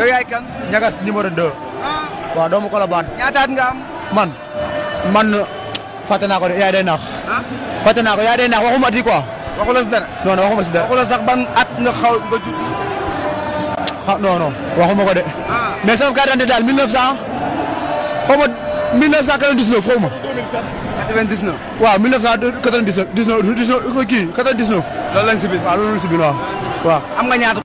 yow yaay kan. ñagas numéro 2. Ah. waaw doomu Colobane. ñaataat nga am. man man fàtte naa ko de yaay day naax. Ah. fàtte naa ko yaay day naax waxuma at yi quoi. si dara. non waxuma si dara. sax ban at nga xaw nga jug. ah waxuma ko de. Ah. mais sama carte d'identité daal 1900 xaw ma 1999 foofu ma. waa waaw 1999 19 19 kii 99. loolu lañ si biir waaw loolu lañ si biir nga ñaata.